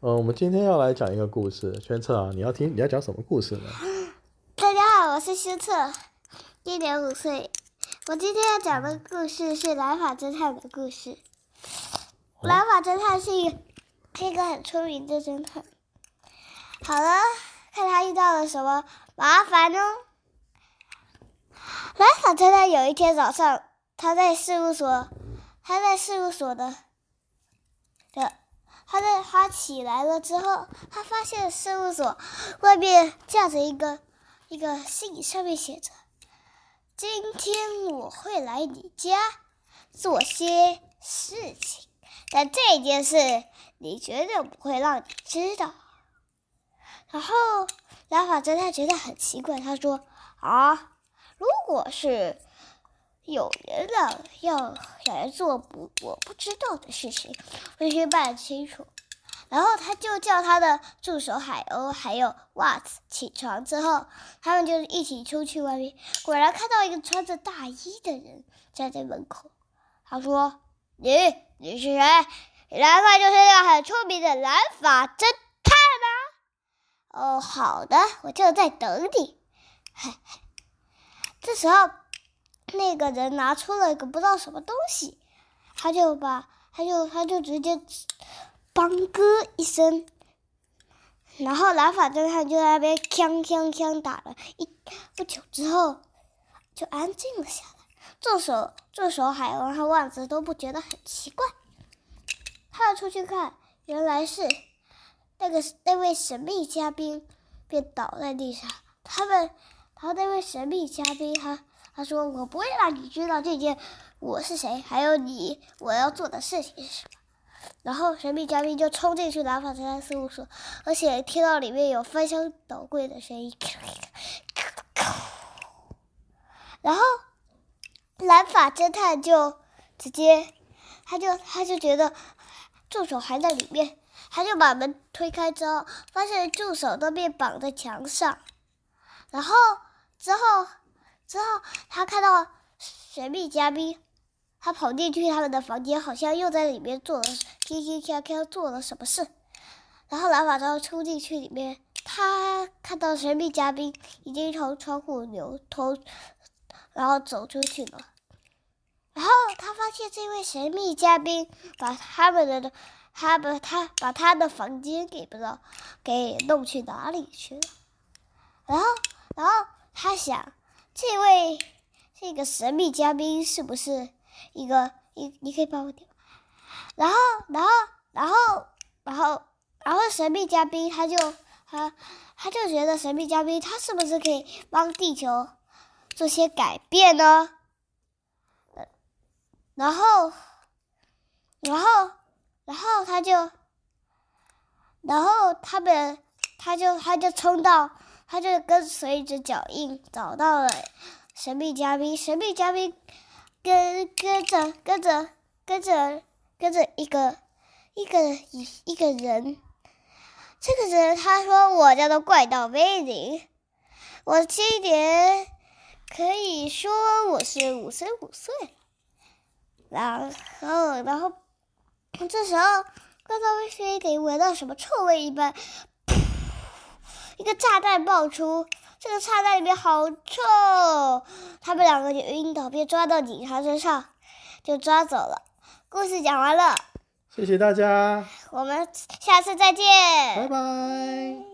呃、嗯，我們今天要來講一個故事，宣策啊，你要聽，你要講什麼故事呢？大家好，我是宣策，今年五歲。我今天要講的故事是《藍髮偵探》的故事。藍、哦、髮偵探是一個是一個很出名的偵探。好了，看他遇到了什麼麻煩呢、哦？藍髮偵探有一天早上，他在事務所，他在事務所的。他在他起來了之後，他發現事務所外面架着一個一個信，上面寫着：“今天我會來你家做些事情，但這件事你絕對不會讓你知道。”然後，藍髮偵探他覺得很奇怪，他說：“啊，如果是……”有人了、啊，要來做不我不知道的事情，必須辦清楚。然後他就叫他的助手海鷗還有襪子起床之後，他們就一起出去外面，果然看到一個穿着大衣的人站在門口。他說：“你你是誰？難道就是那個很聰明的藍髮偵探嗎？”哦，好的，我就在等你。嘿嘿，這時候。那個人拿出了一個不知道什麼東西，他就把他就他就直接 bang 咯一聲，然後藍髮偵探就在那邊槍槍槍打了一，不久之後就安靜了下來。這時候，這時候海王和萬子都不覺得很奇怪，他要出去看，原來是那個那位神秘嘉賓，便倒在地上。他們，他那位神秘嘉賓他。他說：“我不會讓你知道這件我是誰，還有你我要做的事情是什麼。”然後神秘嘉賓就衝進去藍髮偵探事務所，而且聽到裡面有翻箱倒櫃的聲音，咳咳咳咳然後藍髮偵探就直接，他就他就覺得助手還在裡面，他就把門推開之後，發現助手都被綁在牆上，然後之後。之後，他看到神秘嘉賓，他跑進去他們的房間，好像又在裡面做了，興興開心做了什麼事。然後藍髮就衝進去裡面，他看到神秘嘉賓已經從窗戶扭偷，然後走出去了。然後他發現這位神秘嘉賓把他們的，他把他把他的房間給不知道，給弄去哪裡去了。然後，然後他想。這位這個神秘嘉賓是不是一個？一你你可以幫我點，然後，然後，然後，然後，然後神秘嘉賓他就他他就覺得神秘嘉賓他是不是可以幫地球做些改變呢？然後，然後，然後他就然後他們，他就他就衝到。他就跟隨着腳印找到了神秘嘉賓。神秘嘉賓跟跟着跟着跟着跟着一個一個一一個人，這個人他說：“我叫做怪盜威靈，我今年可以說我是五十五歲。”然後，然後這時候怪盜威靈得聞到什麼臭味一般。一個炸彈爆出，這個炸彈裡面好臭，他們兩個就暈倒，被抓到警察身上，就抓走了。故事講完了，謝謝大家，我們下次再見，拜拜。